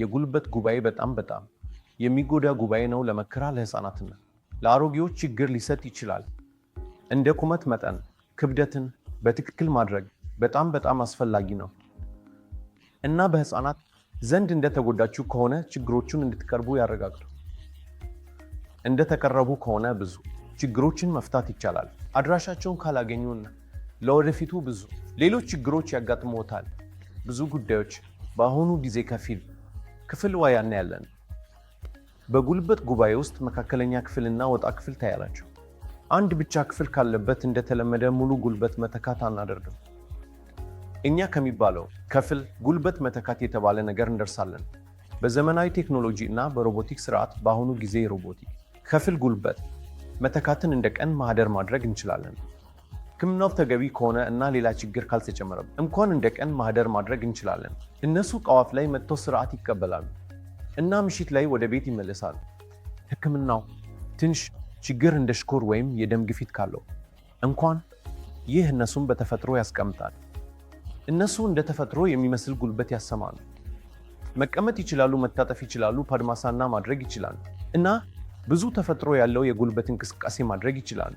የጉልበት ጉባኤ በጣም በጣም የሚጎዳ ጉባኤ ነው። ለመከራ ለሕፃናትና ለአሮጌዎች ችግር ሊሰጥ ይችላል። እንደ ቁመት መጠን ክብደትን በትክክል ማድረግ በጣም በጣም አስፈላጊ ነው እና በሕፃናት ዘንድ እንደተጎዳችሁ ከሆነ ችግሮቹን እንድትቀርቡ ያረጋግጡ። እንደተቀረቡ ከሆነ ብዙ ችግሮችን መፍታት ይቻላል። አድራሻቸውን ካላገኙና ለወደፊቱ ብዙ ሌሎች ችግሮች ያጋጥሞታል። ብዙ ጉዳዮች በአሁኑ ጊዜ ከፊል ክፍል ዋይ እናያለን። በጉልበት ጉባኤ ውስጥ መካከለኛ ክፍልና ወጣ ክፍል ታያላቸው። አንድ ብቻ ክፍል ካለበት እንደተለመደ ሙሉ ጉልበት መተካት አናደርግም። እኛ ከሚባለው ከፍል ጉልበት መተካት የተባለ ነገር እንደርሳለን። በዘመናዊ ቴክኖሎጂ እና በሮቦቲክ ስርዓት በአሁኑ ጊዜ ሮቦቲክ ከፍል ጉልበት መተካትን እንደ ቀን ማህደር ማድረግ እንችላለን። ህክምናው ተገቢ ከሆነ እና ሌላ ችግር ካልተጨመረ እንኳን እንደ ቀን ማህደር ማድረግ እንችላለን። እነሱ ቀዋፍ ላይ መጥተው ስርዓት ይቀበላሉ እና ምሽት ላይ ወደ ቤት ይመለሳሉ። ህክምናው ትንሽ ችግር እንደ ሽኮር ወይም የደም ግፊት ካለው እንኳን ይህ እነሱን በተፈጥሮ ያስቀምጣል። እነሱ እንደ ተፈጥሮ የሚመስል ጉልበት ያሰማሉ። መቀመጥ ይችላሉ፣ መታጠፍ ይችላሉ፣ ፓድማሳና ማድረግ ይችላሉ እና ብዙ ተፈጥሮ ያለው የጉልበት እንቅስቃሴ ማድረግ ይችላሉ።